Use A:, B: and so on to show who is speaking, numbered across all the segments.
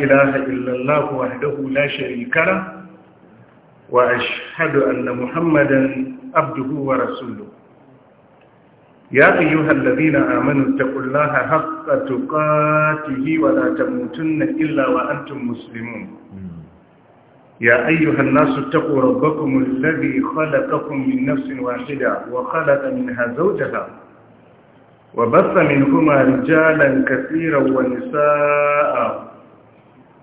A: ilaha illallah wahdahu la sharika la wa ashhadu anna muhammadan abduhu wa rasuluhu ya ayyuhal ladina amanu taqullaha haqqa tuqatihi wa la tamutunna illa wa antum muslimun يا ايها الناس اتقوا ربكم الذي خلقكم من نفس واحده وخلق منها زوجها وبث منهما رجالا كثيرا ونساء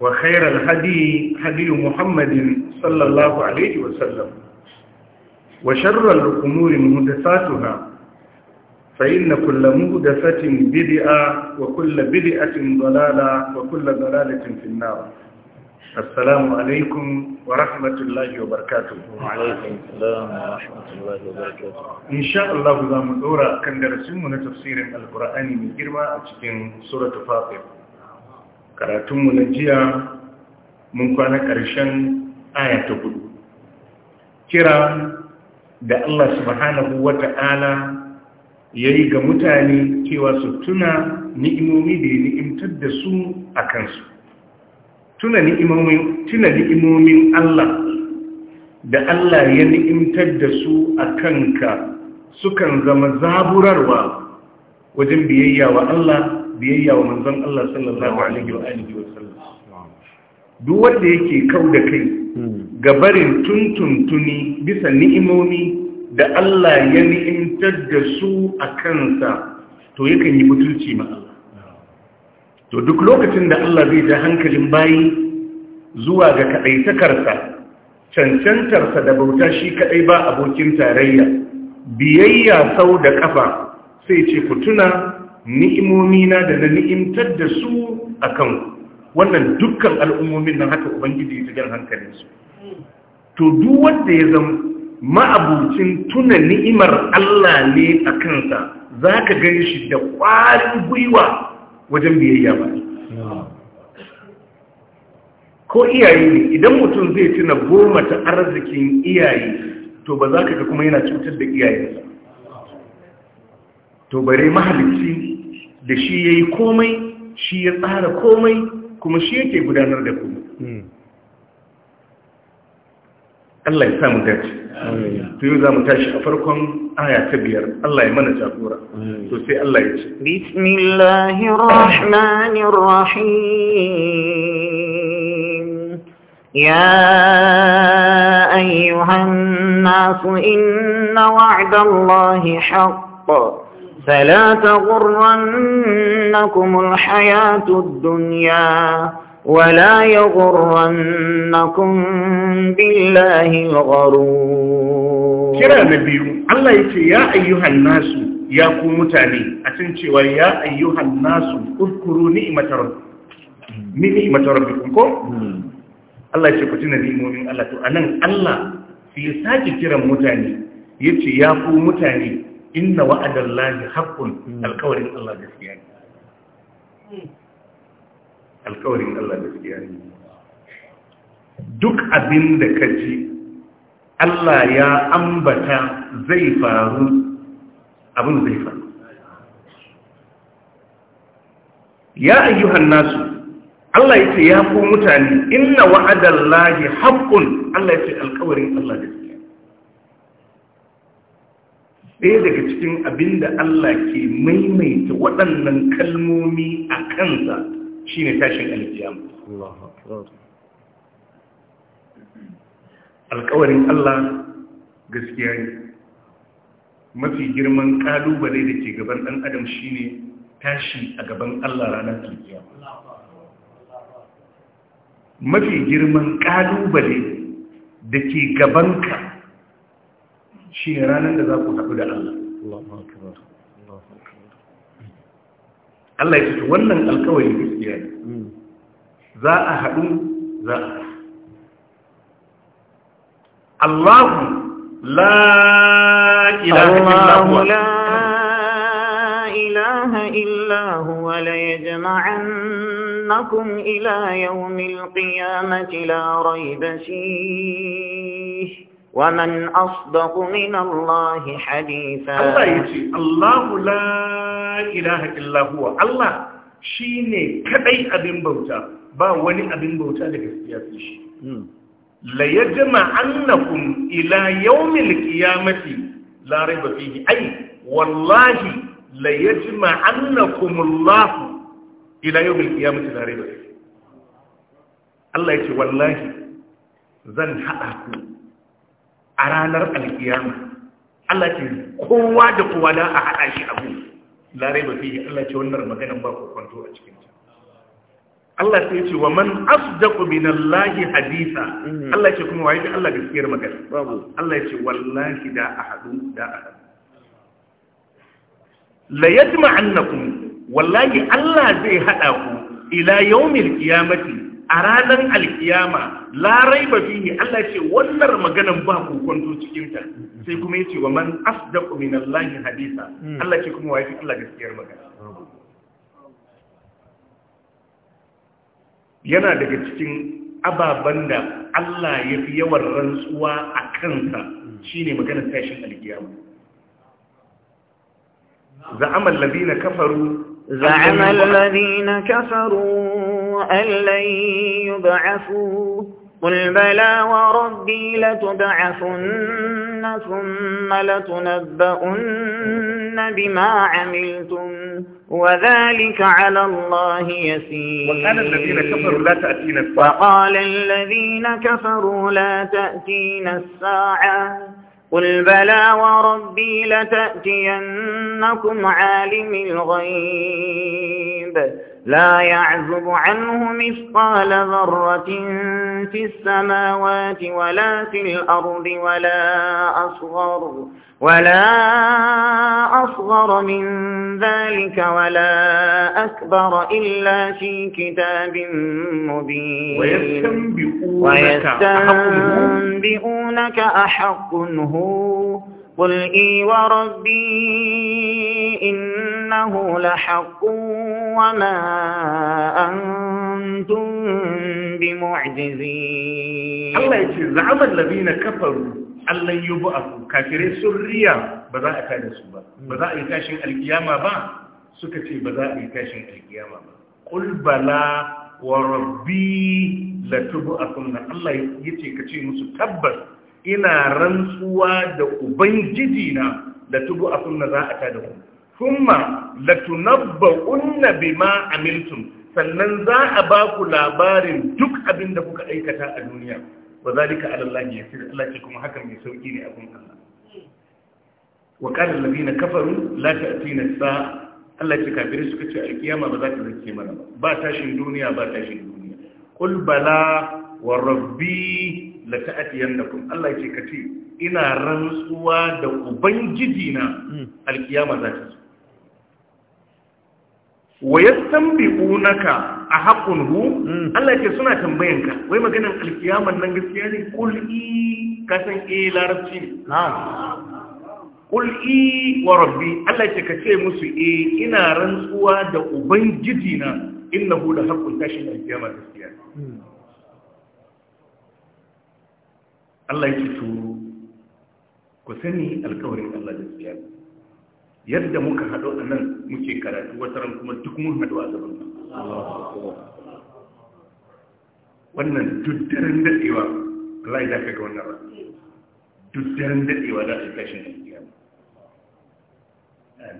A: وخير الهدي هدي محمد صلى الله عليه وسلم وشر الأمور مهدفاتها فإن كل مهدفة بدئة وكل بدئة ضلالة وكل ضلالة في النار السلام عليكم ورحمة الله وبركاته وعليكم السلام ورحمة الله وبركاته إن شاء الله ذا مدورة كان درسيمنا تفسير القرآن من جرمى سورة فاطر karatunmu na jiya mun kwana ƙarshen aya ta hudu kira da Allah subhanahu wa ta'ala ya yi ga mutane cewa su tuna ni'imomi da ya ni'imtar da su a kansu tuna ni'imomin Allah da Allah ya ni'imtar da su a kanka sukan zama zaburarwa wajen biyayya wa Allah biyayya wa manzon Allah sallallahu alaihi wa alihi wa sallam duk wanda yake kau da kai ga barin tuntuntuni bisa ni'imomi da Allah ya ni'imtar da su a kansa to yakan yi butulci ma Allah to duk lokacin da Allah zai ja hankalin bayi zuwa ga kadaitakarsa cancantarsa da bauta shi kadai ba abokin tarayya biyayya sau da kafa sai ce ku tuna ni'imomi na da na ni'imtar da su a kan wannan dukkan al'ummomin nan haka ubangiji ya jan hankalinsu to duk wanda ya zama ma'abucin tuna ni'imar Allah ne a kansa za ka gani shi da ƙwarin gwiwa wajen biyayya ba ko iyaye ne idan mutum zai tuna goma ta arzikin iyaye to ba za ka ga kuma yana cutar da iyayensa to bare mahalicci da shi ya yi komai shi ya tsara komai kuma shi yake gudanar da komai Allah ya samu dace to yau za mu tashi a farkon aya ta biyar Allah ya mana jagora to sai Allah ya ce
B: bismillahir rahmanir rahim ya ayyuhan nas inna wa'dallahi haqqun فلا تغرنكم الحياة الدنيا ولا يغرنكم بالله الغرور كرا
A: نبي الله يتي يا أيها الناس يا تاني أتنتي ويا أيها الناس اذكروا نعمة ربكم نعمة ربكم Allah يتي ku tuna مؤمن Allah to anan Allah sai ya sake kiran mutane yace ya ku inna wa'adar lahi haƙƙun alƙawarin Allah da gaskiya ne Alƙawarin Allah da gaskiya ne duk abin da ka ji Allah ya ambata zai faru abin zai faru ya ayyuhan nasu Allah ya ce ya ku mutane inna wa'adar lahi haƙƙun Allah ya ce alƙawarin Allah da gaskiya ɗaya daga cikin abin da Allah ke maimaita waɗannan kalmomi a kansa shi ne tashin alkiyama. Alkawarin Allah gaskiya ne, mafi girman ƙalubale da ke gaban ɗan adam shi ne tashi a gaban Allah ranar alkiyama. Mafi girman ƙalubale da ke gabanka shi ne ranar da za ku haɗu da Allah Allah ya ce wannan alkawari gaskiya ne za a haɗu za a Allah la ilaha illa huwa
B: إله إلا هو ليجمعنكم إلى يوم القيامة لا ريب فيه ومن أصدق من الله
A: حديثا الله يتي الله لا إله إلا هو الله شيني كبي أبن بوتا با ولي أبن بوتا لك السياسيش ليجمع أنكم إلى يوم القيامة لا ريب فيه أي والله ليجمع أنكم الله إلى يوم القيامة لا ريب فيه الله يتي والله زن حقكم a ranar alkiyama Allah ce kowa da kowa da a haɗa shi abu larai ba fiye Allah ce wannan maganan ba kwanto a cikin ta. Allah sai ce wa man asdaqu minallahi haditha mm-hmm. Allah ce kuma waye Allah gaskiyar magana Allah ce wallahi da ahadu da ahadu la yajma'annakum wallahi Allah zai hada ku ila yawmil qiyamati a ranar alkiyama larai ba ne Allah ce wannan maganan ba kwanto cikinta sai kuma yace wa man asdaqu min lahin hadisa hmm. Allah ce kuma waye Allah gaskiyar magana yana daga cikin ababen da Allah ya fi yawan rantsuwa a kansa shine maganar tashin alkiyama za'amal ladina kafaru زعم الذين
B: كفروا أن لن يبعثوا قل بلى وربي لتبعثن ثم لتنبؤن بما عملتم وذلك على الله يسير وقال الذين كفروا لا تأتين الساعة وقال الذين كفروا لا الساعة قل بلى وربي لتأتينكم عالم الغيب لا يعزب عنه مثقال ذرة في السماوات ولا في الأرض ولا أصغر ولا أصغر من ذلك ولا أكبر إلا في كتاب مبين ويستنبئونك أحق هو قل إي وربي إنه لحق وما أنتم بمعجزين
A: الله يقول زعم الذين كفروا أن لن يبعثوا كافرين سريا بذا أكاد سبا بذا يكاشن القيامة با سكتي بذا يكاشن القيامة با قل بلا وربي لتبعثن الله يتي كتي مستبر إنا رنسوا دا أبنجدنا لتبعثن ذا أكاد سبا thumma latunabba'unna bima amiltum sannan za a ba ku labarin duk abin da kuka aikata a duniya Ba wa zalika ala Allah yasir Allah ce kuma hakan mai sauki ne a gun Allah wa qala alladhina kafaru la ta'tina as Allah ce kafiri suka ce alkiyama ba za ta zace mana ba ba tashin duniya ba tashin duniya qul bala wa rabbi la ta'tiyannakum Allah ce kace ina rantsuwa da ubangiji na hmm. alkiyama za ta zo wa yastanbi'unaka a haqqun hu hmm. Allah ce suna tambayan ka wai maganin alkiyaman nan gaskiya ne kul i ka san e larabci ne kul i wa rabbi Allah ce ka ce musu e. ina rantsuwa da ubangiji na innahu la haqqun tashin alkiyama gaskiya hmm. Allah ya ce to ku sani alkawarin Allah gaskiya ne yadda muka haɗu a nan muke karatu wataran kuma duk mun haɗu a nan. wannan duk daɗewa Allah ya dafa ga wannan ba duk daɗewa za su tashi tashin da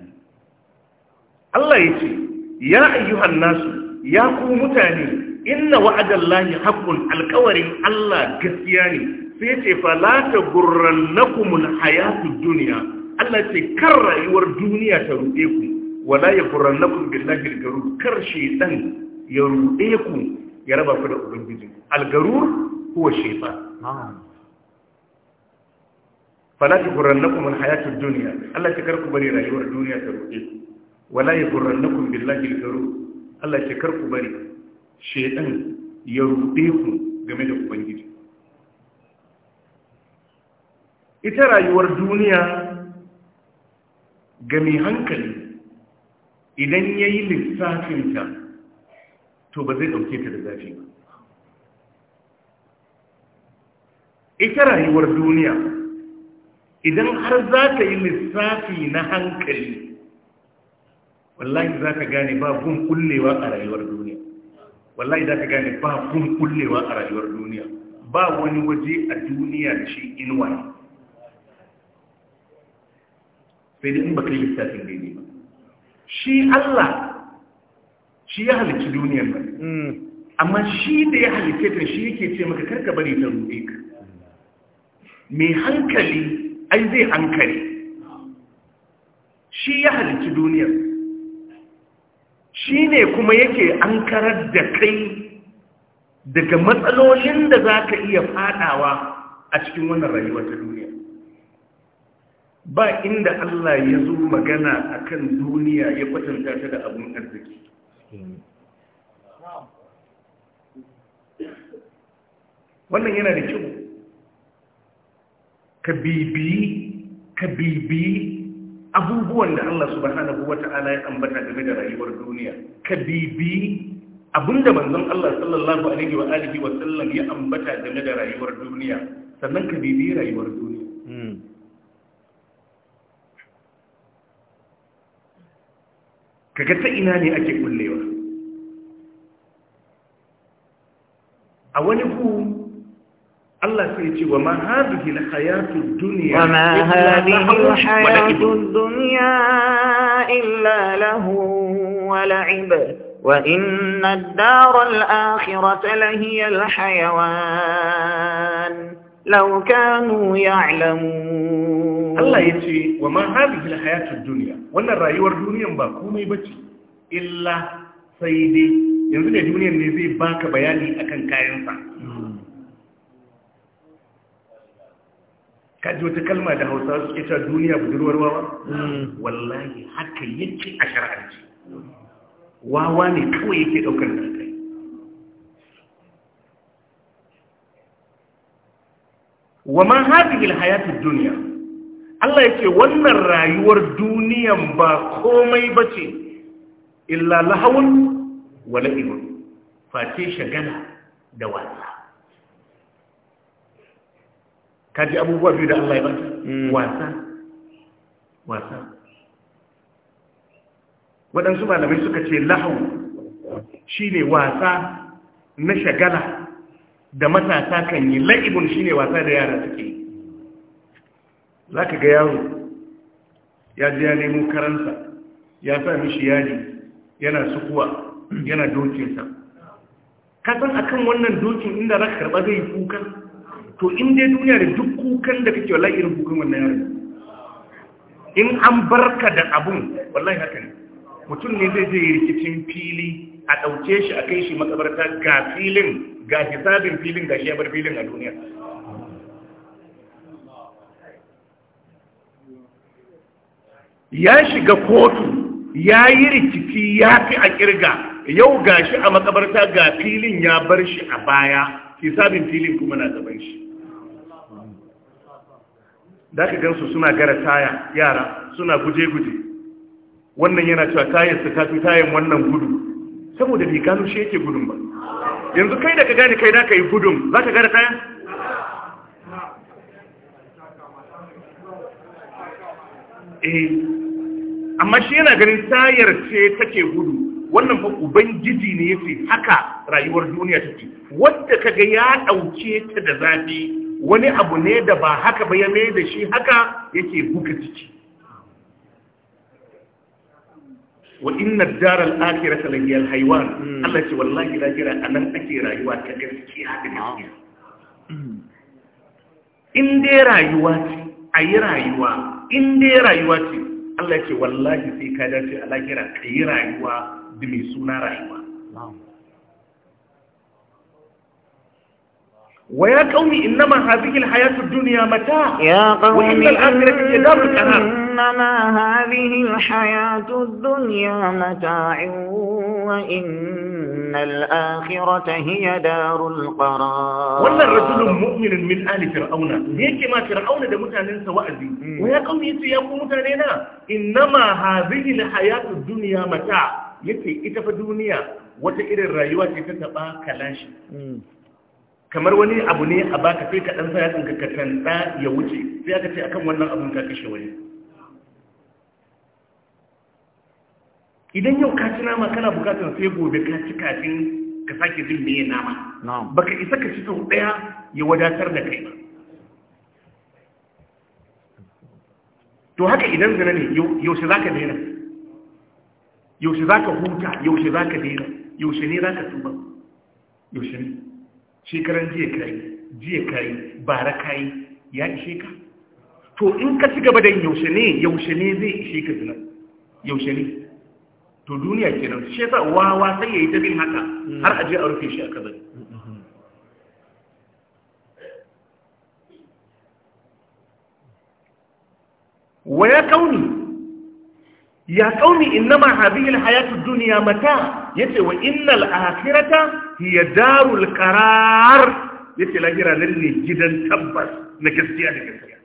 A: Allah ya ce ya ayyuhan nasu ya ku mutane inna wa'adallahi haqqun alƙawarin Allah gaskiya ne sai ce fa la tagurrannakumul hayatud dunya Allah ce kar rayuwar duniya ta ruɗe ku wala ya furannakum billahi al-garur kar shaytan ya ruɗe ku ya raba ku da ubangiji al-garur huwa shaytan fala ta furannakum al-hayatu ad-dunya Allah ce kar ku bari rayuwar duniya ta ruɗe ku wala ya furannakum billahi al-garur Allah ce kar ku bari shaytan ya ruɗe ku game da ubangiji ita rayuwar duniya ga mai hankali idan ya yi lissafinta to ba zai ɗauke ta da zafi ba ita rayuwar duniya idan har za ta yi lissafi na hankali wallahi za ka gane ba kun kullewa a rayuwar duniya wallahi za ka gane ba kun kullewa a rayuwar duniya ba wani waje a duniya ce inuwa sai dai in ba kai lissafin daidai ba shi Allah shi ya halicci duniyar ba hmm. amma shi da ya halicce ta shi yake ce maka karka bari ta ruɗe ka mai hankali ai zai hankali shi ya halicci duniyar shi ne kuma yake an karar da kai daga matsalolin da za ka iya fadawa a cikin wannan rayuwar ta duniya ba inda Allah ya zo magana a kan duniya ya kwatanta ta da abin arziki wannan yana da kyau ka bibi ka bibi abubuwan da Allah subhanahu wata'ala ya ambata game da rayuwar duniya ka bibiyi abinda manzon Allah sallallahu alaihi wa alihi wa sallam ya ambata game da rayuwar duniya sannan ka bibi rayuwar duniya hmm. kaga ta ina ne ake kullewa a wani ku Allah sai ce wa ma hadhihi al-hayatu ad-dunya wa ma hadhihi al-hayatu ad-dunya
B: illa lahu wa la'ib wa inna ad-dara al-akhirata lahiya
A: al-hayawan laukanu ya alamu Allah ya ce wa ma hadihi na duniya wannan rayuwar duniya ba komai ba ce illa sai dai yanzu ne duniyan ne zai baka bayani akan kayansa kaji wata kalma da hausa su ke duniya budurwar wawa wallahi haka yake a shara'arci wawa ne kawai yake daukar wa man hadhihi alhayatid dunya Allah yake wannan rayuwar duniyan ba komai bace illa lahawun wa la'ibun face shagala da wasa kaji abubuwa biyu da Allah ya bata mm. wasa wasa waɗansu malamai suka ce lahau shine wasa na shagala da matasa kan yi la'ibun shine wasa da yara suke yi za ka ga yaro ya ji ya nemo karansa ya sa mishi yaji yana sukuwa yana dokinsa kasan kan wannan dokin inda za ka karɓa zai kuka to in dai duniya da duk kukan da kake wala irin kukan wannan yaro in an barka da abun wallahi haka ne mutum ne zai je rikicin fili a ɗauke shi a kai shi makabarta ga filin ga hisabin filin ga shi ya filin a duniya ya shiga kotu ya yi rikici ya fi a kirga yau ga shi a makabarta ga filin ya bar shi a baya hisabin filin kuma na gaban shi da gansu suna gara taya yara suna guje-guje wannan yana cewa tayarsa ta fi tayan wannan gudu saboda bai gano shi yake gudun ba yanzu kai da ka gane kai da ka yi gudun za ka gane kayan eh amma shi yana ganin tayar ce take gudu wannan fa ubangiji ne yace haka rayuwar duniya take wanda ga ya dauke ta da zafi wani abu ne da ba haka ba ya mai da shi haka yake buga ciki wa inna daral akhirata la hiyal haywan Allah ce wallahi lahira anan ake rayuwa ta gaskiya da gaskiya in dai rayuwa ce ayi rayuwa in dai rayuwa ce Allah ce wallahi sai ka dace a lahira kayi rayuwa da mai suna rayuwa ويا قوم إنما هذه الحياة الدنيا متاع وإن الآخرة هي دار القرار
B: إنما هذه الحياة الدنيا متاع وإن الآخرة هي دار القرار ولا
A: رجل مؤمن من آل فرعون ليك ما فرعون ده متعنين سوأزي ويا قوم يتيقوا متعنينا إنما هذه الحياة الدنيا متاع yake ita fa duniya wata irin rayuwa ce ta kamar wani abu ne a baka sai ka dan sa ya tsinka ka tanda ya wuce sai aka ce akan wannan abun ka kashe wani idan yau ka ci nama kana bukatar sai gobe ka ci kafin ka sake jin meye nama baka isa ka ci sau daya ya wadatar da kai ba to haka idan zina ne yaushe za ka daina yaushe za ka huta yaushe za ka daina yaushe ne za ka tuba yaushe ne shekaran jiya kayi jiya kayi bara kayi ya ishe ka to in ka ci gaba da yaushe ne yaushe ne zai ishe ka zina yaushe ne to duniya kenan shi yasa wa wa sai yayi ta bin haka har aje a rufe shi a kabari waya kauni ya kauni innama hadhihi alhayatu ad-dunya mata yace wa innal akhirata hiya darul qarar yace lahira nan ne gidan tabbas na gaskiya da gaskiya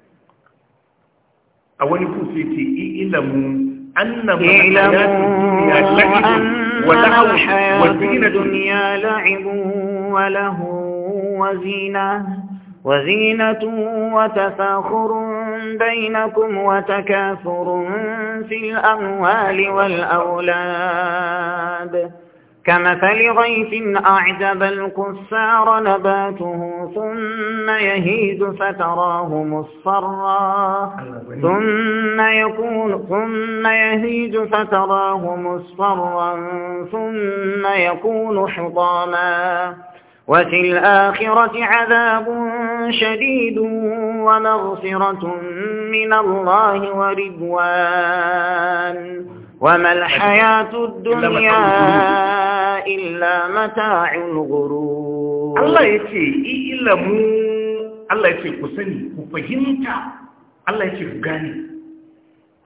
A: a wani kusa yace ilamu أنما أن الحياة الدنيا
B: لعب وله وزينة وزينة وتفاخر بينكم وتكاثر في الأموال والأولاد كمثل غيث أعجب الكفار نباته ثم يهيد فتراه مصفرا ثم يكون ثم يهيد فتراه مصفرا ثم يكون حطاما وفي الآخرة عذاب شديد ومغفرة من الله ورضوان وما الحياة الدنيا إلا متاع الغرور الله يتي
A: إلمو الله يتي كسني كفهمت الله يتي كغاني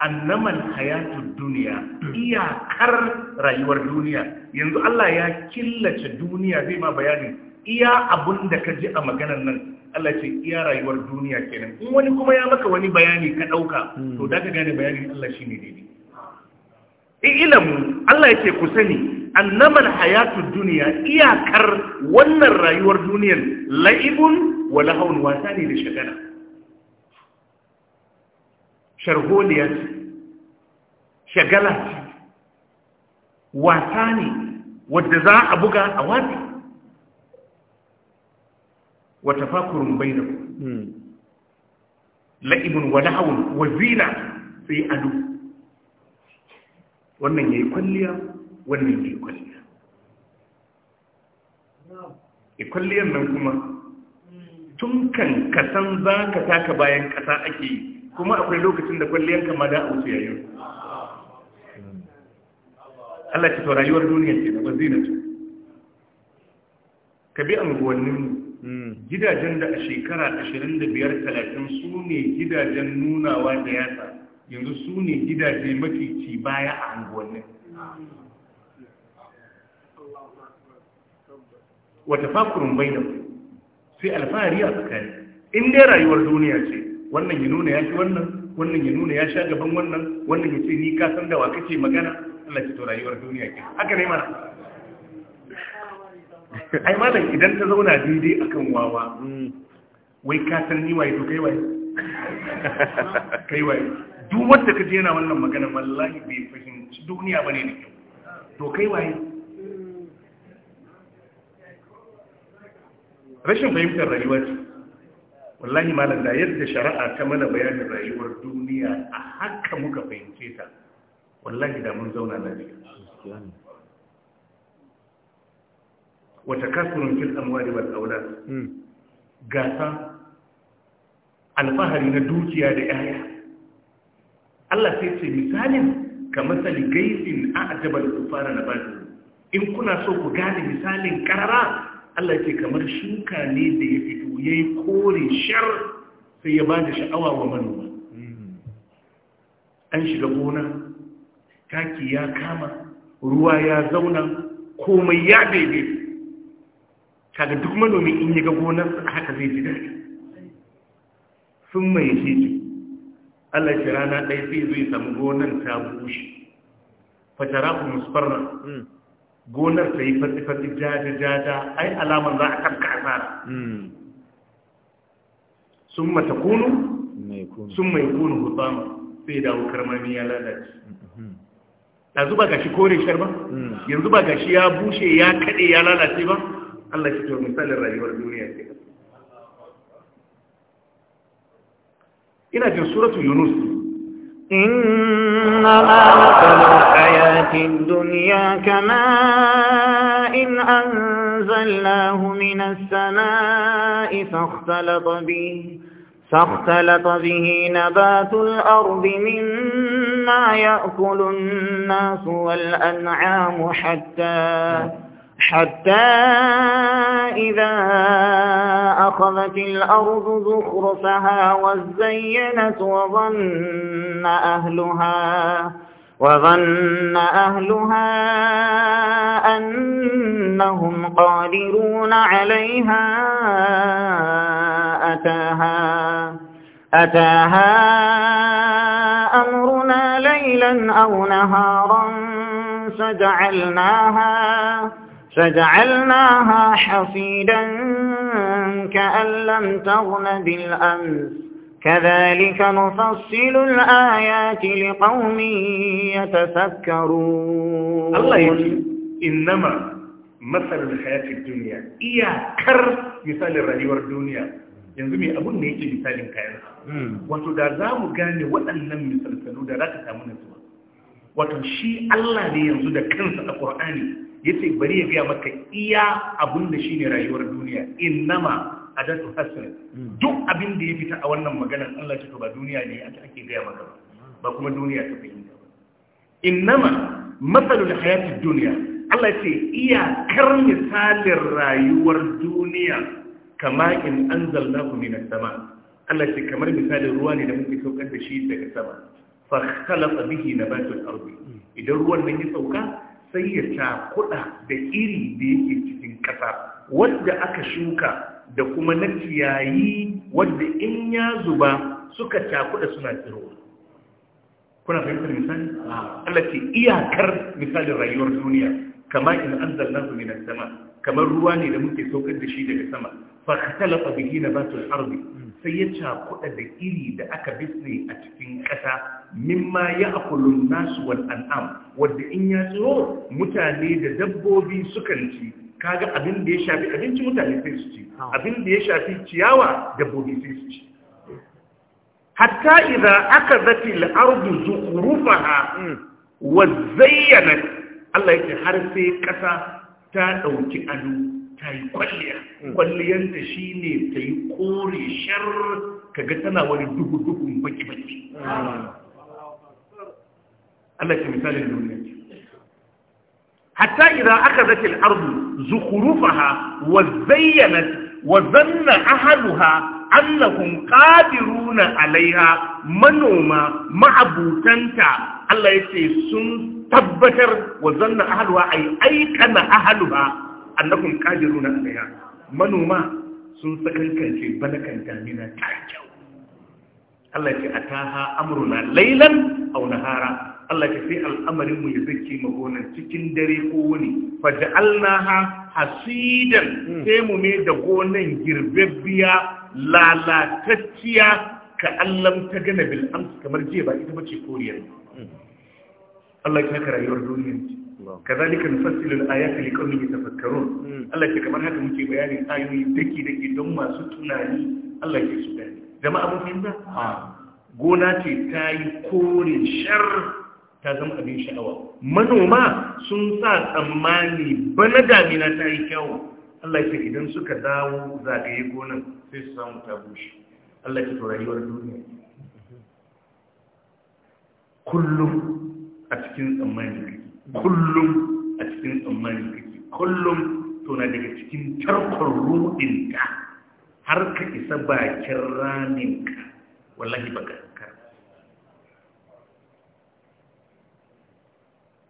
A: أنما الحياة الدنيا هي كر رأيور الدنيا ينزو الله يا كلة الدنيا زي ما بياني iya abun da ka ji a maganar nan Allah ce iya rayuwar duniya kenan in wani kuma ya maka wani bayani ka ɗauka to da ka gane bayani Allah shi ne daidai ilamu Allah ya ce ku sani annamal hayatu duniya iyakar wannan rayuwar duniyar la'ibun wa lahawun wasa ne da shagala sharholiya ce shagala wasa ne wadda za a buga a wata wata fakurin bai da ku la'ibun wa lahawun wa zina sai ado wannan ya yi kwalliya wannan ya yi kwalliya ikwalliyar e, nan kuma tun kan kasan za ka taka bayan kasa ake yi kuma akwai lokacin da kwalliyar kama da a wasu yayin Allah ci to rayuwar duniya ce da wazinatu ka bi anguwannin hmm. gidajen da a shekara 25-30 su ne gidajen nunawa da yasa yanzu su ne gidaje mafi ci baya a anguwannin wata fakurin bai da sai alfahari a tsakani in dai rayuwar duniya ce wannan ya nuna ya shi wannan wannan ya nuna ya sha gaban wannan wannan ya ce ni ka san da wa ce magana Allah ce to rayuwar duniya ke haka ne mana ai malam idan ta zauna daidai akan wawa wai ka san ni waye to kai waye kai waye duk wanda ka je yana wannan magana wallahi bai fahimci duniya bane da kyau to kai waye rashin fahimtar rayuwa ce wallahi malam da yadda shari'a ta mana bayanin rayuwar duniya a haka muka fahimce ta wallahi da mun zauna lafiya wata kasurin fil amwali wal aula hmm. gasa alfahari na dukiya da 'ya'ya Allah sai ce misalin ka matsali gaisin a ajabar da tufara na bada in kuna so ku gane misalin karara Allah ce kamar shuka ne da ya fito ya yi kore shar sai ya ba da sha'awa wa manoma an shiga gona taki ya kama ruwa ya zauna komai ya daidai kaga duk manomi in yi ga gonarsa haka zai ji daɗi sun mai shi Allah shi rana ɗaya sai zai samu gonar ta bushe fatara ku musfarra hmm. gonar ta yi fasi-fasi jaja-jaja ai alamar za a a tsara. Hmm. sun mata kunu sun mai kunu hutsama sai dawo karmami ya lalace hmm. yanzu ba shi kore shar ba yanzu ba shi ya bushe ya kaɗe ya lalace ba Allah shi to misalin rayuwar duniya ce إلى jin سورة يونس
B: إنما مثل الحياة الدنيا كماء أنزلناه من السماء فاختلط به فاختلط به نبات الأرض مما يأكل الناس والأنعام حتى حتى إذا أخذت الأرض زخرفها وزينت وظن أهلها وظن أهلها أنهم قادرون عليها أتاها أتاها أمرنا ليلا أو نهارا فجعلناها فجعلناها حصيدا كأن لم تغن بالأمس كذلك نفصل الآيات لقوم يتفكرون الله يقول
A: إنما مثل الحياة الدنيا إيا كر مثال الرجوع الدنيا ينزمي أبو نيت مثال كائنها وانتو كان قاني وأنم مثل الفلودة راكتا من الزمان وانتو الله لينزو كنسة قرآني yace bari ya gaya maka iya abin da shine rayuwar duniya innama adatu hasr duk abin da ya fita a wannan maganar Allah to ba duniya ne ake gaya maka ba ba kuma duniya ta fahimta ba innama matsalul hayati duniya Allah ce iyakar misalin rayuwar duniya kama in anzalnahu minas sama Allah ce kamar misalin ruwa ne da muke saukar da shi daga sama fa khalaqa bihi nabatul ardi idan ruwan nan ya sauka sai ya cakuɗa da iri da yake cikin ƙasa wadda aka shuka da kuma na ciyayi wadda in ya zuba suka cakuɗa suna tsirowa kuna fahimtar misali? Allah iyakar misalin rayuwar duniya kama in an zalla su sama kamar ruwa ne da muke saukar da shi daga sama fa ka talafa bihi na arzi sai ya cakuɗa da iri da aka bisne a cikin ƙasa mimma ya akulun nasu wal an'am wadda in ya tsiro mutane da dabbobi sukan ci kaga abin da ya shafi abinci mutane sai su ci abin da ya shafi ciyawa dabbobi sai su ci hatta idza akazati al-ardu zukhrufaha wa zayyanat Allah yake har sai ƙasa ta dauki ado ta yi kwalliya kwalliyanta shi ne ta yi kore shar kaga tana wani dubu-dubun baki-baki Allah ke misalin duniya ce hatta idan aka zace al'ardu zukhrufaha wa zayyanat wa zanna ahaluha annahum qadiruna alaiha manoma ma'abutanta Allah yace sun tabbatar wa zanna ahaluha ay aikana ahaluha annakum na alayha manoma sun sakankance balakan damina ta kyau Allah ya ce ataha amruna laylan lailan nahara Allah ce sai al'amarin ya zake gonar cikin dare ko wuni faja'alnaha hasidan hmm. sai mu ne da gonan girbebbiya lalatacciya ka allam ta gana bil amsa kamar jiya ba ita bace koriyar hmm. Allah ya kaka rayuwar duniyar kazalika nufassilul ayati liqaumin yatafakkarun Allah ke kamar haka muke bayanin ayoyi dake dake don masu tunani Allah ke su gani jama'a mun fahimta gona ce ta yi kore shar ta zama abin sha'awa manoma sun sa tsammani bana damina ta yi kyawu Allah ya ce idan suka dawo zagaye gonan sai su samu ta bushe Allah ya ce to rayuwar duniya kullum a cikin tsammani kullum a cikin tsammanin kake kullum tona daga cikin tarkon rudinka har ka isa bakin raninka wallahi ba ka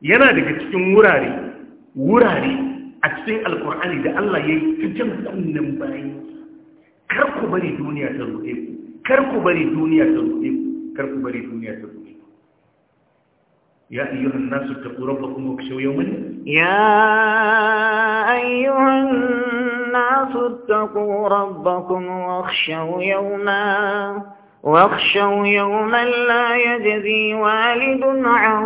A: yana daga cikin wurare wurare a cikin alkur'ani da Allah ya yi ta jan bayan kar ku bari duniya ta zuɗe ku kar ku bari duniya ta zuɗe ku kar ku bari duniya ta zuɗe يا أيها الناس اتقوا ربكم واخشوا يوما
B: يا أيها الناس اتقوا ربكم واخشوا يوما واخشوا يوما لا يجزي والد عن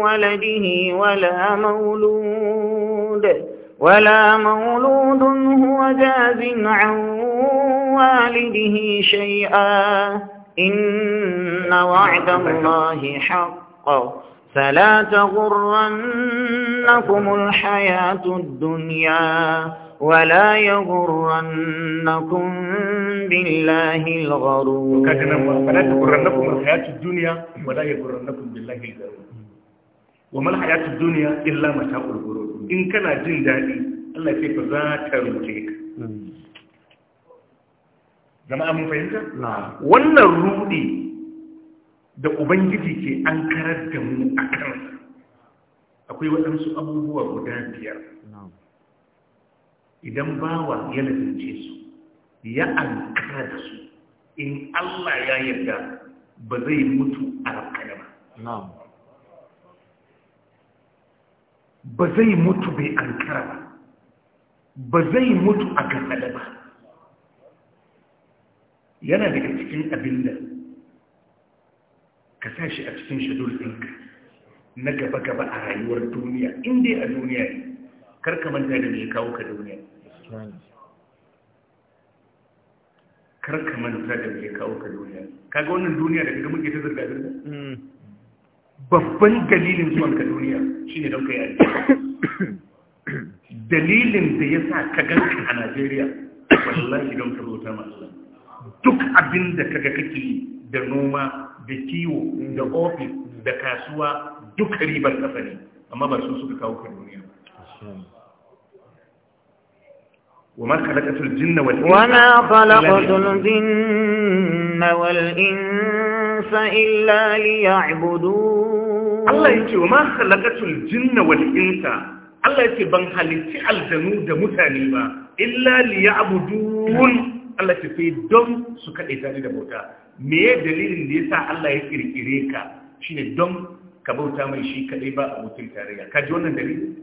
B: ولده ولا مولود ولا مولود هو جاز عن والده شيئا إن وعد الله حق الحق فلا تغرنكم الحياة الدنيا ولا يغرنكم بالله الغرور فلا تغرنكم الحياة
A: الدنيا ولا يغرنكم بالله الغرور وما الحياة الدنيا إلا متاع الغرور إن كان جن دادي الله يكفي ذات روتيك جماعة من فهمت؟ نعم ولا رودي da ubangiji ke an karar da mu a kansa akwai waɗansu abubuwa guda biyar idan bawa ya lalace su ya an da su in allah ya yarda ba zai mutu a rafkana ba ba zai mutu bai an ba ba zai mutu a gasala ba yana daga cikin abin da ka sa shi a cikin shadul ɗinka na gaba-gaba a rayuwar duniya inda a duniya ne karka manta da mai kawo ka duniya karka manta da mai kawo ka duniya kaga wannan duniya da kaga muke ta zirga-zirga mm. babban dalilin zuwan ka duniya shi don ka yi dalilin da ya sa ka ganka a najeriya wallahi don ka bauta masu Allah duk abin da kaga kake da noma da kiwo da ofis da kasuwa duk ribar kasa ne amma ba su suka kawo ka duniya ba وما خلقت الجن والإنس وما خلقت
B: الجن والإنس إلا ليعبدون
A: الله يجي وما خلقت الجن والإنس الله يجي بان حالتي الجنو ده متاني با إلا ليعبدون الله يجي في دم سكا إتاني ده me dalilin da ya sa Allah ya kirkire ka shine don ka bauta mai shi kadai ba a mutum tarayya ka ji wannan dalili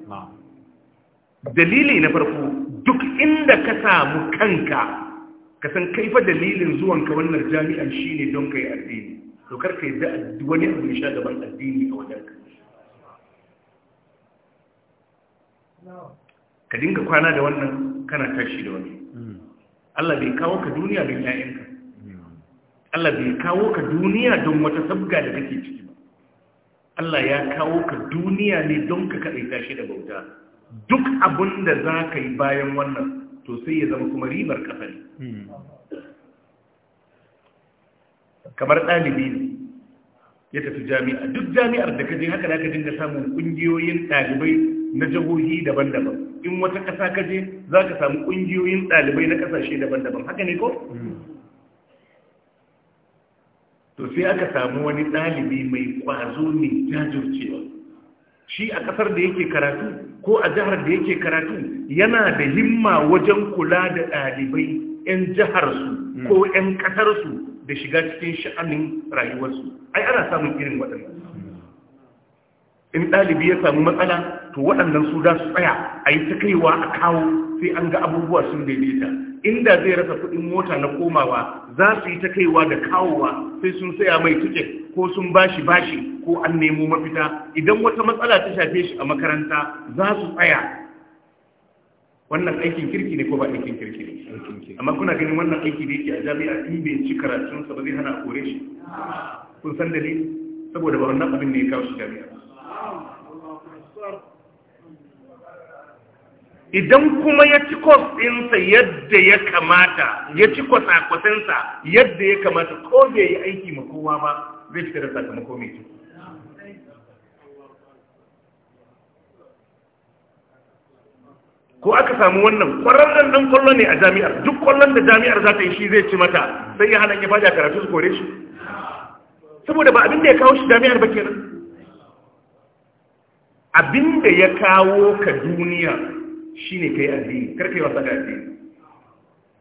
A: dalili na farko duk inda ka samu kanka ka san kaifa dalilin zuwanka wannan jami'an shine don kai addini to za a wani abu ya sha gaban addini a wajenka ka dinga kwana da wannan kana tashi da wani hmm. Allah bai kawo ka duniya bin Allah bai kawo ka duniya don wata sabga da kake ciki ba Allah ya kawo ka duniya ne don ka kaɗai tashi da bauta duk abin da za ka yi bayan wannan to sai ya zama kuma ribar ƙasa kamar ɗalibi ne ya tafi jami'a duk jami'ar da ka je haka zaka dinga samun kungiyoyin ɗalibai na jihohi daban-daban in wata ƙasa ka je za ka samu ƙungiyoyin ɗalibai na ƙasashe daban-daban haka ne ko hmm. to sai aka samu wani ɗalibi mai kwazo mai jajircewa shi a ƙasar da yake karatu ko a jihar da yake karatu yana da himma wajen kula da ɗalibai 'yan jiharsu hmm. ko 'yan ƙasarsu da shiga cikin sha'anin rayuwarsu ai ana samun irin waɗannan in ɗalibi ya samu matsala to waɗannan su za su tsaya a yi ta kaiwa a kawo sai an ga abubuwa sun daidaita inda zai rasa kuɗin mota na komawa za su yi ta kaiwa da kawowa sai sun saya mai tiket ko sun bashi bashi ko an nemo mafita idan wata matsala ta shafe shi a makaranta za su tsaya wannan aikin kirki ne ko ba aikin kirki ne amma kuna ganin wannan aiki da yake a jami'a in bai ci karatunsa ba zai hana a kore shi kun san dalili saboda ba wannan abin ne ya kawo shi jami'a idan kuma ya ci ɗinsa yadda ya kamata ya ci kwasa-kwasansa yadda ya kamata ko bai yi aiki ma kowa ba zai fita da sakamako mai kyau ko aka samu wannan kwararren ɗan kwallon ne a jami'ar duk kwallon da jami'ar za ta yi shi zai ci mata sai ya hana ya fada karatu su kore shi saboda ba abin da ya kawo shi jami'ar ba kenan abin da ya kawo ka duniya shi ne ka yi addini karfe wasa da addini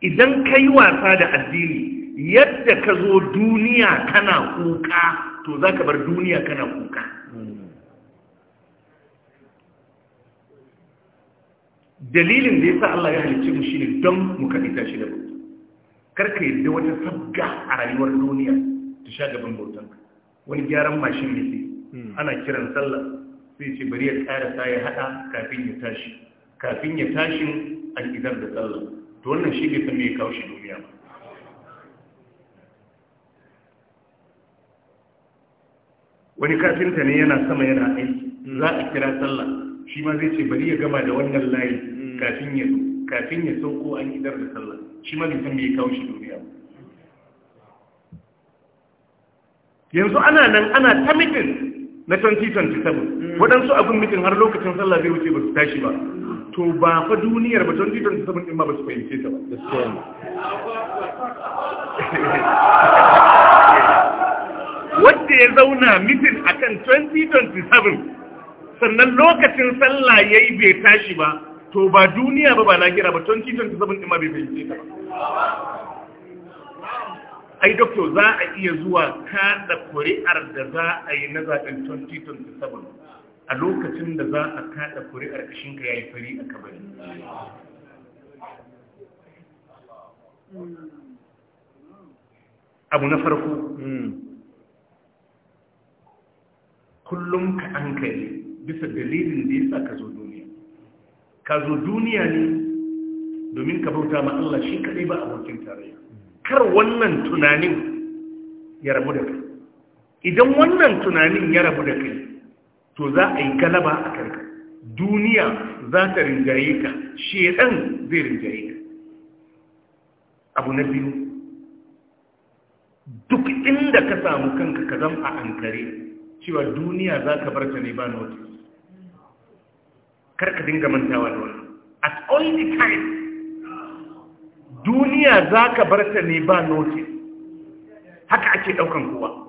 A: idan ka yi wasa da addini yadda ka zo duniya kana kuka to za ka bar duniya kana kuka dalilin da ya sa Allah ya halicci mu shi ne don mu kaɗita shi da bauta karka yadda wata sabga a rayuwar duniya ta sha gaban bautan wani gyaran mashin mai hmm. ana kiran sallah sai ce bari ya sa ya haɗa kafin ya tashi kafin ya tashi an idar da sallah to wannan shi ne san ya kawo shi duniya ba wani kafinta ne yana sama yana aiki za a kira sallah shi ma zai ce bari ya gama da wannan layi kafin ya kafin ya sauko an idar da sallah shi ma zai san me ya kawo shi duniya ba yanzu ana nan ana ta mitin na 2027 mm. waɗansu abin mitin har lokacin sallah zai wuce ba su tashi ba to ba fa duniyar ba 2027 din ma ba su fahimce ta ba
C: wadda ya zauna
A: mitin a kan 2027 sannan lokacin sallah yi bai tashi ba to ba duniya ba ba na lahira ba 2027 din ma bai fahimce ta ba ai doctor za a iya zuwa kada kuri'ar da za a yi na zaben 2027 a lokacin da za a kada kuri'ar kashinka ya yi fari a kabari abu na farko kullum ka an kai bisa dalilin da ya sa ka zo duniya ka zo duniya ne domin ka bauta ma Allah shi kaɗai ba abokin tarayya kar wannan tunanin ya rabu da kai idan wannan tunanin ya rabu da kai to za a yi galaba a kanka duniya za ta rinjaye ka shedan zai rinjaye ka abu na biyu duk inda ka samu kanka ka zama a ankare cewa duniya za ka bar ta ne ba na wata karka dinga mantawa da wani at all the time duniya za ka bar ta ne ba notice haka ake daukan kowa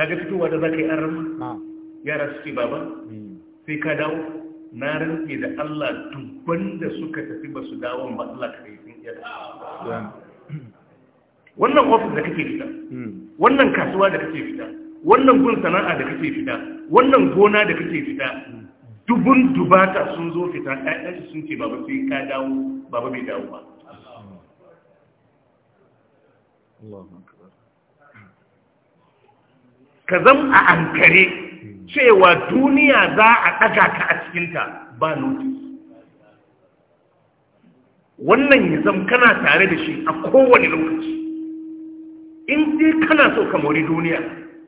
A: kaga fitowa da zaka yi arma yara suke baba hmm. sai ka dawo na rantsi da Allah dubban da suka tafi ba su dawo ba Allah ka yi sun iya wannan ofis da kake fita hmm. wannan kasuwa da kake fita wannan gun sana'a da kake fita wannan gona da kake fita hmm. dubun dubata sun zo fita su sun ce baba sai ka dawo baba bai dawo ba ka zan a ankare cewa duniya za a ɗaga ka a cikinta ba notice wannan ya zan kana tare da shi a kowane lokaci in dai kana so ka mori duniya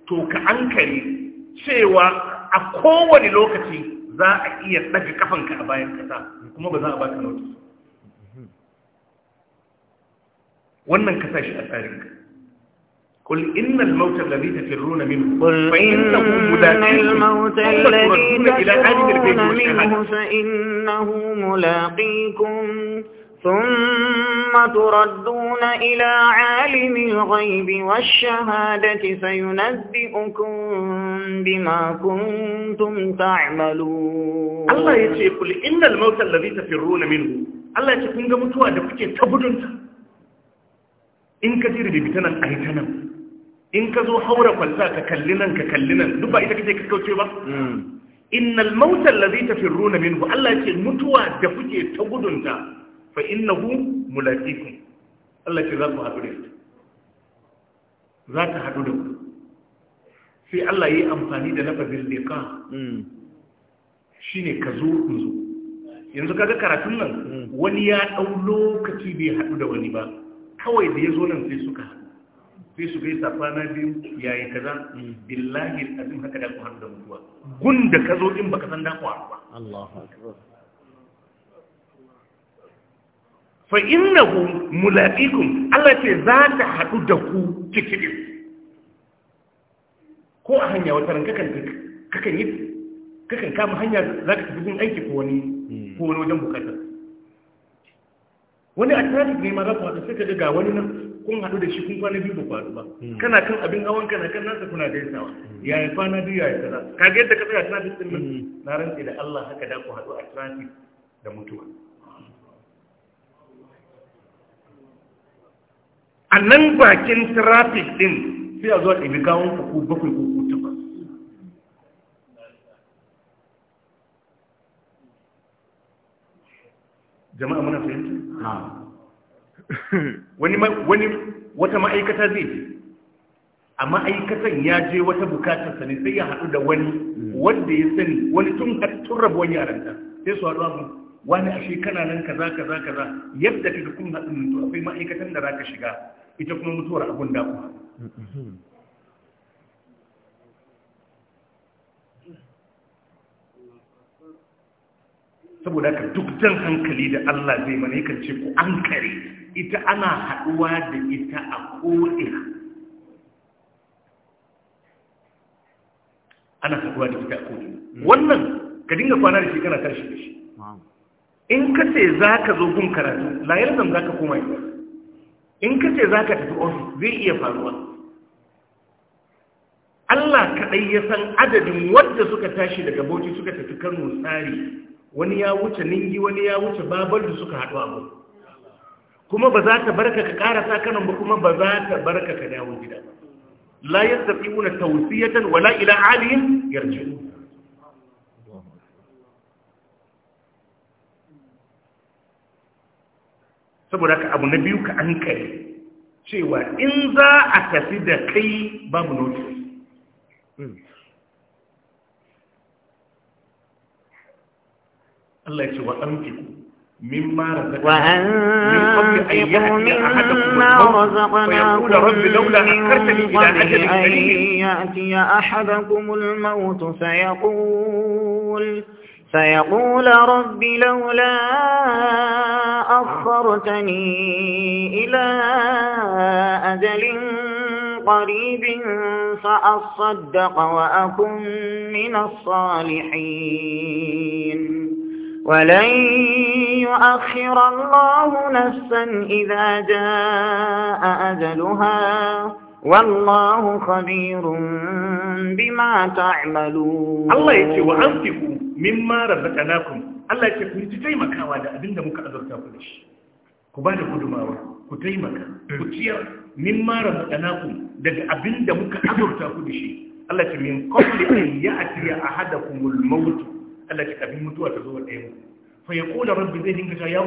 A: to ka ankare cewa a kowane lokaci za a iya ɗaga kafanka a bayan kasa kuma ba za a ba ka notice wannan ka shi a tsarinka قل إن الموت الذي تفرون منه قل فإنه الموت الذي تفرون منه
B: فإنه ملاقيكم ثم تردون إلى عالم الغيب والشهادة فينبئكم بما كنتم تعملون
A: الله يقول إن الموت الذي تفرون منه الله يقول إن الموت الذي تفرون منه إن كثير بيتنا أهتنم in ka zo haura kwalza ka kalli nan ka kalli nan duk ba ita kake ka kauce ba hmm. innal mauta allazi tafirruna minhu Allah ce mutuwa da kuke ta gudunta fa innahu mulaqikum Allah ce za ku haɗu da ita za ta haɗu da ku sai Allah yi amfani da lafazin liqa hmm. shine ka zo in zo yanzu kaga karatun nan hmm. wani ya ɗau lokaci bai haɗu da wani ba kawai da ya zo nan sai suka haɗu sai su gaisa kwana biyu yayi kaza hmm. billahi azim haka da alƙur'ani da mutuwa gun da ka zo din baka san da kuwa ba Allahu in fa innahu mulaqikum Allah ce za ta hadu da ku cikin ko a hanya wata ran kakan kakan yi kakan kama hanya za ka tafi gun aiki ko wani hmm. ko wani wajen bukatar wani a tafi ne ma za ku haɗu sai ka ga wani nan kun haɗu da shi kun kwana biyu ba ku ba hmm. kana kan abin hawan kana kan nasa kuna ya hmm. yaya kwana biyu yaya kaza ka ga yadda ka tsaya traffic bisa min na rantse da Allah haka da ku haɗu a traffic da mutuwa a nan bakin traffic ɗin sai a zuwa ɗabi gawon ku bakwai ko ku takwas jama'a muna fahimta wani wata ma'aikata zai je a ma'aikatan ya je wata bukatarsa ne sai ya haɗu da wani wanda ya sani wani tun tun rabuwar yaranta sai su haɗu abu wani a shekana nan kaza kaza kaza yadda ka kun haɗu to akwai ma'aikatan da zaka shiga ita kuma mutuwar abun da kuma saboda ka duk jan hankali da Allah zai mana yakan ce ku an kare ita ana haɗuwa da ita a ko'ina ana haɗuwa da ita a ko'ina wannan ka dinga kwana da shi kana tashi da shi in ka ce za ka zo gun karatu layar zan za ka koma yi in ka ce za ka tafi ofis zai iya faruwa Allah kaɗai ya san adadin wadda suka tashi daga bauchi suka tafi kano tsari wani ya wuce ningi wani ya wuce babal da suka haɗu abu kuma ba za ta barka ka karasa kanan ba kuma ba za ta barka ka dawo gida ba la yastafiuna tawsiyatan wala ila alihim yarji'un saboda ka abu na biyu ka an kare cewa in za a tafi da kai babu notice Allah ya ce wa amfiku مما رزقناكم من قبل أن
B: يأتي أحدكم الموت فيقول فيقول رب لولا أخرتني إلى أجل قريب فأصدق وأكن من الصالحين ولن يؤخر الله نفسا إذا جاء أجلها والله خبير بما تعملون الله يكي وأنفقوا
A: مما ربتناكم الله يكي كنت تيما كاوالا أبين دمك أذر كافلش كبار كدماوة كتيما كتير مما ربتناكم دد أبين دمك أذر كافلش الله يكي من قبل أن يأتي أحدكم الموت الله يكي أبين متوى fa ya kula rabbi zai dinga cewa ya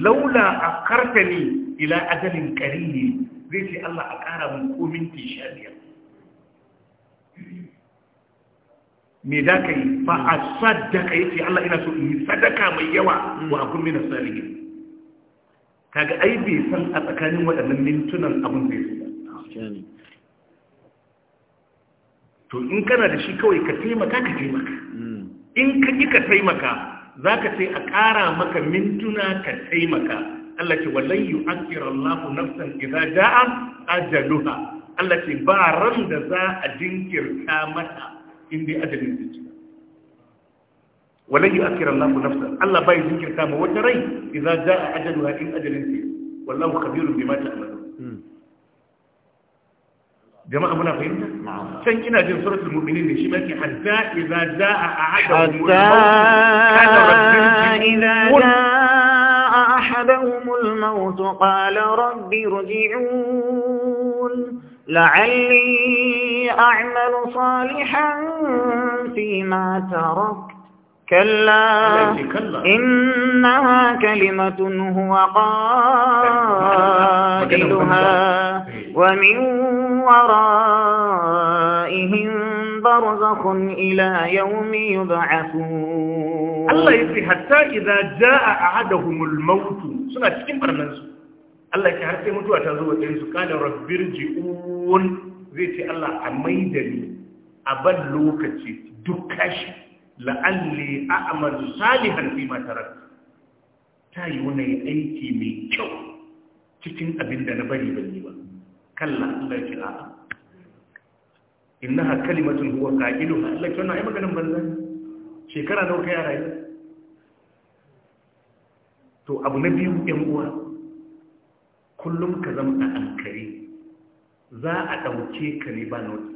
A: laula a kartani ila ajalin karimi zai ce Allah a ƙara mun ko minti sha biyar me da ka yi sadaka ya ce Allah ina sadaka mai yawa wa kaga ai bai san a tsakanin waɗannan mintunan abin zai su to in kana da shi kawai ka taimaka ka taimaka hmm. in ka ka taimaka za ka sai a ƙara maka mintuna ka taimaka Allah ce wallai yi akira Allah nafsan idan ja'a ajaluha Allah ce ba ran da za a jinkirta mata inda ajalin da ci wallai yi akira Allah nafsan Allah bai jinkirta ma wata rai idan ja'a ajaluha in ajalin ta wallahu kabirun a ta'malu hmm. جماعة منا فهمنا نعم. كان كنا في سورة المؤمنين من شبك حتى إذا جاء أحدهم حتى إذا
B: جاء
A: أحدهم الموت
B: قال ربي رجعون لعلي أعمل صالحا فيما ترك كلا إنها كلمة هو قائلها ومن ورائهم برزخ إلى يوم يبعثون
A: الله يسي حتى إذا جاء أحدهم الموت سنة كم برنس الله يسي حتى متوى تزوى إنسو قال رب رجعون زيتي الله أميدني أبل لوكتي دكاشي لعلي أعمل صالحا فيما تركت ta yi wani aiki mai kyau cikin abin da na bari ban yi ba kalla Allah ya ce a'a innaha kalimatun huwa qailuha Allah ya ce wannan ai maganin banza shekara nawa kai rayu to abu na biyu ɗan uwa kullum ka zama a ankare za a ɗauke ka ne ba nauti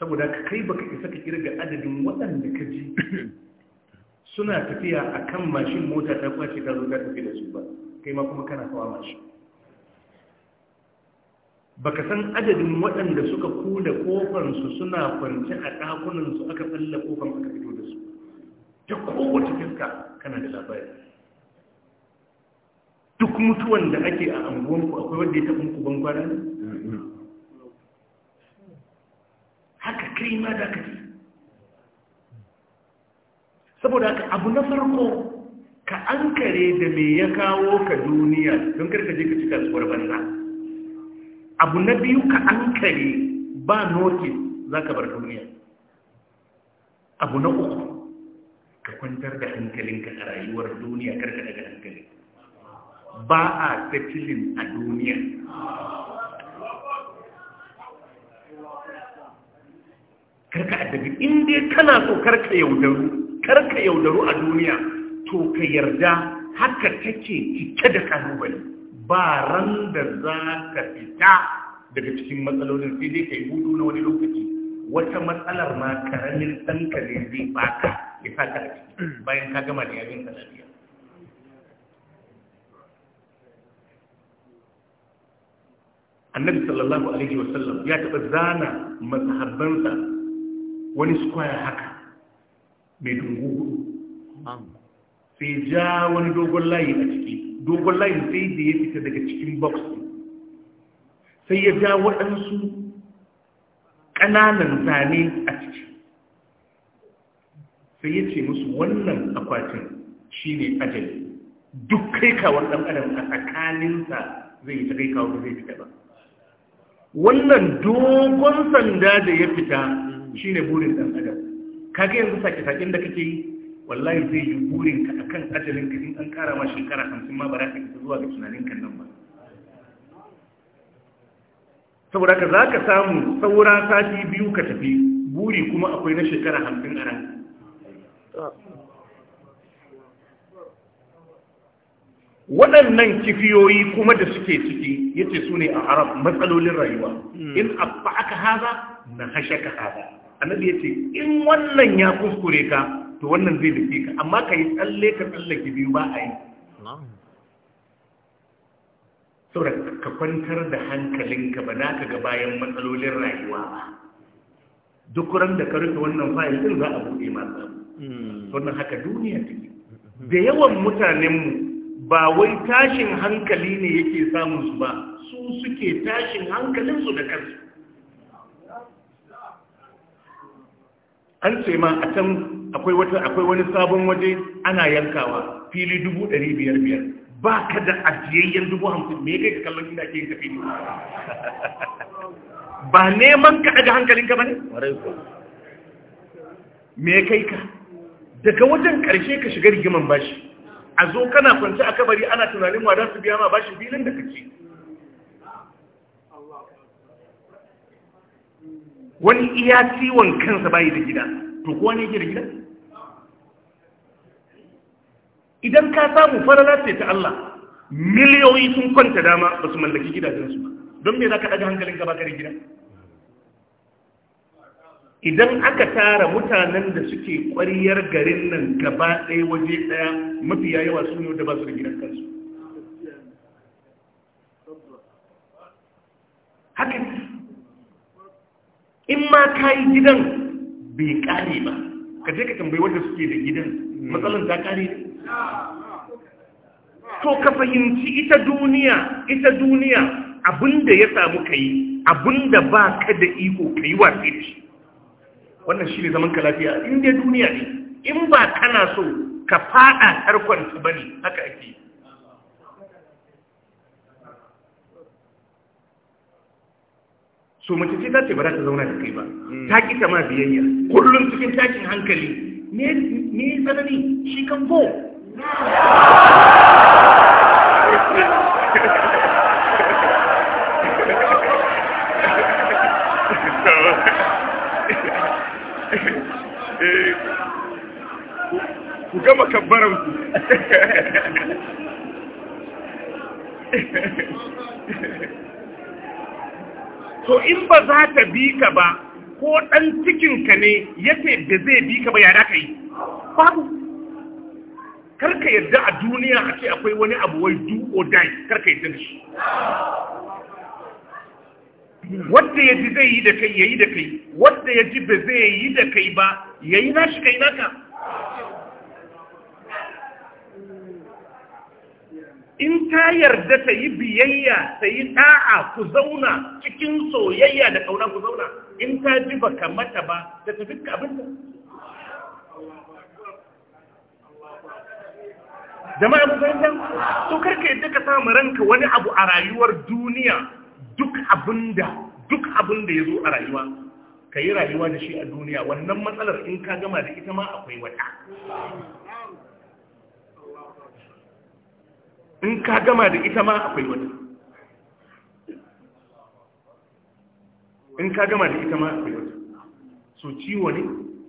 A: saboda ka kai baka isa ka kirga adadin waɗanda ka ji suna tafiya a kan mashin mota ta kwace ta zo ta tafi da su ba kai ma kuma kana kawo mashin baka san adadin waɗanda suka kula kofansu suna kwanci a ɗakunansu aka tsalla kofan aka fito da su ta kowace fiska kana da labari duk mutuwan da ake a anguwanku akwai wadda ya taɓa muku bangwara ne haka kai ma da ka ce saboda haka abu na farko ka ankare da me ya kawo ka duniya don karka je ka cika tsuwar banza abu na biyu ka an kare ba notice za ka bar duniya abu na uku ka kwantar da hankalinka a rayuwar duniya karka daga hankali ba a tafilin a duniya karka adabi in dai kana so karka yaudaru karka yaudaru a duniya to ka yarda haka take cike da kalubale ba ran da za ka fita daga cikin matsalolin sai dai ka yi hudu na wani lokaci wata matsalar ma karamin ɗanka ne zai baka ya sa ka bayan ka gama da yamin ka lafiya annabi sallallahu alaihi wasallam ya taɓa zana masahabbansa wani square haka mai dungu sai ja wani dogon layi a ciki dogon layin sai da ya fita daga cikin box sai ya ja waɗansu ƙananan zane a ciki sai ya ce musu wannan akwatin shi ne ajali duk kai kawar ɗan adam a tsakaninsa zai ta kai kawar zai fita ba wannan dogon sanda da ya fita shine burin ɗan adam kaga yanzu sake-saken da kake yi wallahi zai yi burin ka akan ajalin ka in an kara ma shekara 50 ma ba za ka isa zuwa ga tunanin nan ba saboda ka za ka samu saura sati biyu ka tafi buri kuma akwai na shekara 50 a ran waɗannan kifiyoyi kuma da suke ciki ya ce su ne a arab matsalolin rayuwa hmm. in abba aka haza na hashe ka haza annabi ya ce in wannan ya kuskure ka to wannan zai dake ka amma ka yi tsalle ka tsallake biyu ba a yi saboda ka kwantar da hankalinka ba na ka ga bayan matsalolin rayuwa ba duk ran da ka rufe wannan fayil din za a buɗe masu hmm. wannan haka duniya take da yawan mutanenmu ba wai tashin hankali ne yake samun su ba su suke tashin hankalin su da kansu an ce ma a can akwai wata akwai wani sabon waje ana yankawa fili dubu ɗari biyar biyar ba ka da ajiyayyen dubu hamsin me kai ka kallon inda ake yin tafi ba neman ka daga hankalinka ba ne me kai ka daga wajen ƙarshe ka shiga rigiman bashi a zo kana kwanci a kabari ana tunanin wa su biya ma bashi filin da kake wani iya ciwon kansa bayi da gida to kowa ne yake da gida idan ka samu farala ce ta Allah miliyoyi sun kwanta dama ba su mallaki gidajensu ba don me za ka ɗaga hankalin gaba kare gida idan aka tara mutanen da suke ƙwariyar garin nan gaba ɗaya waje ɗaya mafi yawa su ne da ba su da gidan kansu haka in ma ka yi gidan bai ƙare ba ka je ka tambayi wanda suke da gidan matsalan ta ƙare ne to ka fahimci ita duniya ita duniya abinda ya samu ka yi abinda ba ka da iko ka yi watsi da shi wannan shi ne zaman ka lafiya inda duniya ne in ba kana so ka fada tarkon ta bane haka ake so mace ce ta ce ba za ta zauna da kai ba hmm. ta ki ta ma biyayya kullum cikin takin hankali ne tsanani shi kan bo ku to in ba za ta bi ka ba ko ɗan cikinka ne ya da zai bi ka ba ya ka yi babu karka yadda a duniya a ce akwai wani abu wai do or die karka yadda da shi wadda ya ji zai yi da kai ya yi da kai wadda ya ji ba zai yi da kai ba ya yi nashi kai naka in ta yarda ta yi biyayya ta yi ɗa'a ku zauna cikin soyayya da ƙauna ku zauna in ta ji ba kamata ba ta tafi abin
C: jama'a mun fahimta karka yadda ka samu
A: ranka wani abu a rayuwar duniya duk abinda duk abinda ya zo a rayuwa ka yi rayuwa da shi a duniya wannan matsalar in ka gama da ita ma akwai wata in ka gama da ita ma akwai wata in ka gama da ita ma akwai wata so ciwo ne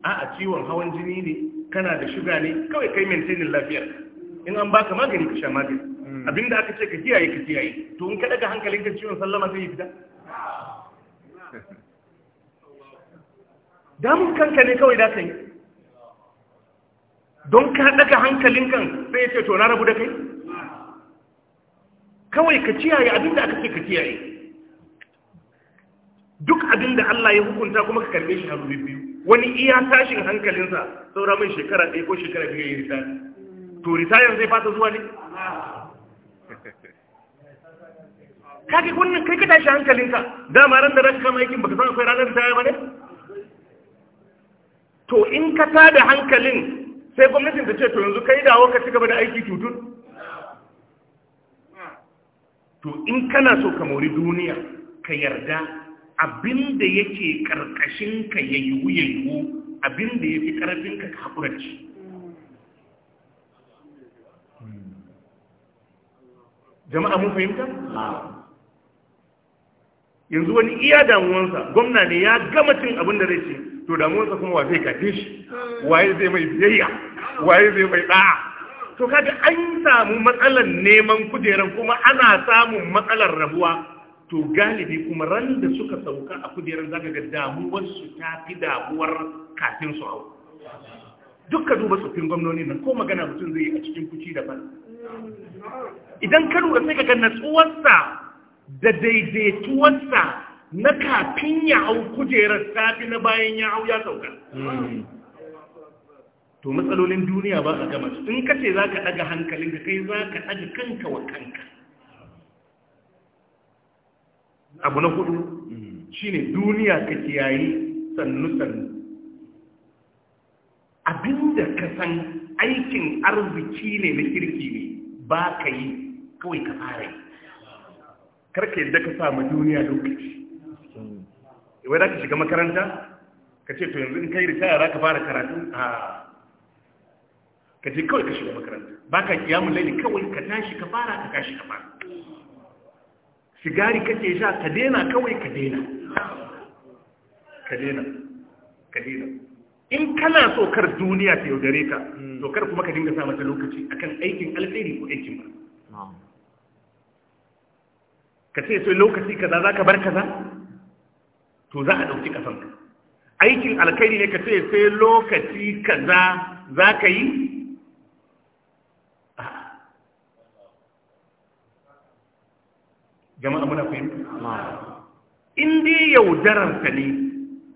A: a a ciwon hawan jini ne kana da shuga ne kawai kai maintainin lafiyar in an baka magani ka sha magani mm. abinda aka ce ka kiyaye ka kiyaye to in ka daga hankalin ka ciwon sallama sai ya fita damun kanka ne kawai da yi. don ka daga hankalin kan sai ya ce to na rabu da kai kawai ka kiyaye abinda aka ce ka kiyaye duk abinda Allah ya hukunta kuma ka karbe shi hannu biyu wani iya tashin hankalinsa saura mai shekara ɗaya ko shekara biyu ya yi risali to risayen zai fata zuwa ne kake kunnin kai ka tashi hankalinka dama ran da ranka kama aikin baka san akwai ranar ritaya ba ne to in ka tada hankalin sai gwamnatin ta ce to yanzu kai dawo ka ci gaba da aiki tutun to in kana so ka mori duniya ka yarda abin da yake karkashin ka ya yiwu ya abin da ya fi karfin ka ka haƙura jama'a mun fahimta yanzu wani iya damuwansa gwamna ne ya gama cin abin da zai ce to damuwansa kuma wa zai kafe shi waye zai mai biyayya waye zai mai da'a to kaga an samu matsalar neman kujeran kuma ana samun matsalar rabuwa to galibi kuma ran da suka sauka a kujeran zaka ga damuwar su ta fi damuwar kafin su hau ka duba tsofin gwamnoni nan ko magana mutum zai yi a cikin kuci daban
C: idan ka lura sai ka ga
A: natsuwarsa da daidaituwarsa na kafin ya hau kujerar safi na bayan ya hau ya sauka to matsalolin duniya ba a gama in kace za ka ɗaga hankalin ka kai za ka ɗaga kanka wa kanka abu na hudu shine duniya ka kiyaye sannu-sannu abinda ka san aikin arziki ne na kirki ne ba ka yi kawai ka fara yi karka yadda ka samu duniya lokaci wai za ka shiga makaranta ka ce to yanzu in kai ritaya yara ka fara karatu a ka je kawai ka shiga makaranta ba ka kiyamun laili kawai ka tashi ka fara ka tashi ka fara sigari kake sha ka daina kawai ka daina ka daina ka daina in kana so kar duniya ta yaudare ka hmm. to kar kuma ka dinga sa mata lokaci akan aikin alkhairi ko aikin ba ka ce sai lokaci kaza za ka bar kaza to za a ɗauki ka. aikin alkhairi ne ka ce sai lokaci kaza za ka yi jama'a muna fahimta in dai yaudararka ne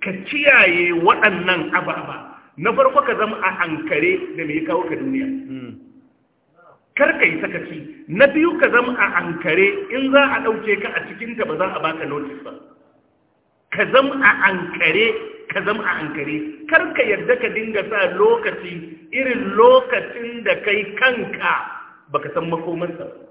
A: ka ciyaye waɗannan ababa na farko ka zama a hankare da mai kawo ka duniya hmm. kar ka yi sakaci na biyu ka zama a hankare in za a ɗauke ka a cikinta ba za a baka notis ba ka zama a hankare ka zama a hankare kar ka yarda ka dinga sa lokaci irin lokacin da kai kanka baka san makomansa ba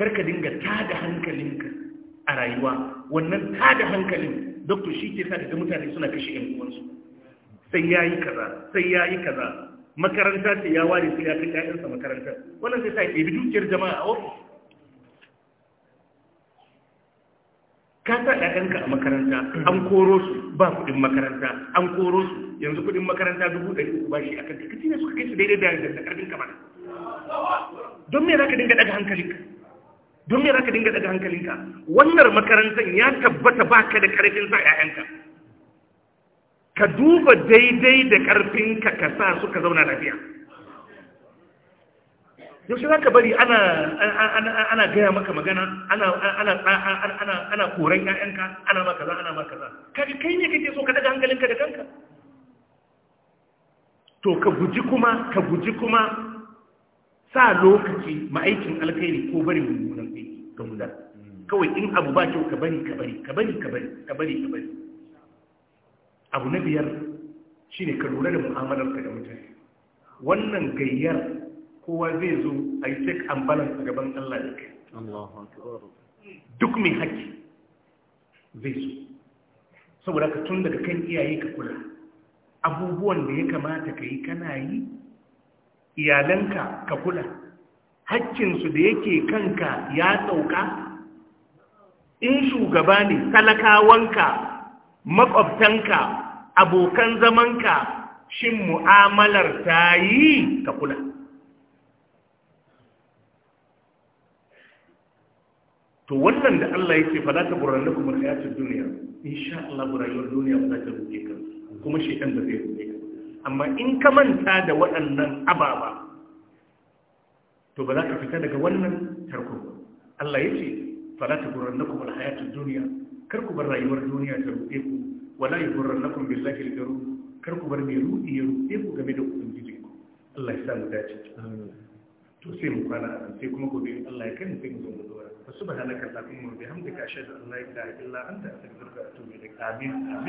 A: karka dinga ta da hankalinka a rayuwa wannan tada hankalin doktor shi ke sa mutane suna kashe yan uwansu sai yi kaza sai ya yi kaza makaranta ce ya ware sai ya fi ƴaƴansa makaranta wannan sai sa ke bi dukiyar jama'a a ofis ka sa ƴaƴanka a makaranta an koro su ba kuɗin makaranta an koro su yanzu kuɗin makaranta dubu ɗari uku ba shi akan ka tina ne suka kai su daidai da ƙarfin kamar don me za ka dinga ɗaga hankalinka don me zaka dinga daga hankalinka wannan makarantar ya tabbata baka da karfin sa ƴaƴanka ka duba daidai da karfinka ka sa suka zauna lafiya yaushe za ka bari ana gaya maka magana ana koren ‘ya'yanka ana maka za ana maka za kaji kai ne kake so ka daga hankalinka da kanka to ka guji kuma ka guji kuma sa lokaci ma'aikin alkhairi ko bari mummunan aiki ga mudar kawai in abu ba kyau ka bari ka bari ka bari ka bari ka bari ka bari abu na biyar shine ka lura da mu'amalar ka da mutane wannan gayyar kowa zai zo a yi check and balance a gaban Allah
C: da kai duk mai haƙƙi
A: zai so saboda ka tun daga kan iyaye ka kula abubuwan da ya kamata ka yi kana yi iyalanka ka kula haƙƙinsu da yake kanka ya sauka in shugaba ne talakawanka makwabtanka abokan zamanka shin mu'amalar ta yi ka kula to wannan da Allah yake za ta buran da kuma hayatun duniya insha Allah rayuwar duniya ba za ta ruke ka kuma shi ɗan da zai ruke ka amma in ka manta da waɗannan ababa to ba za ka fita daga wannan tarko Allah ya ce fala ta gurran na kuma hayatun duniya kar ku bar rayuwar duniya ta ruɗe ku wala yi gurran na kuma billahi algaru kar ku bar mai ruɗi ya ruɗe ku game da ubangiji ku Allah ya sa mu dace to sai mu kwana a sai kuma gobe Allah ya kai sai mu zo mu dora subhanaka allahumma wa bihamdika ashhadu an la ilaha illa anta astaghfiruka wa atubu ilaik amin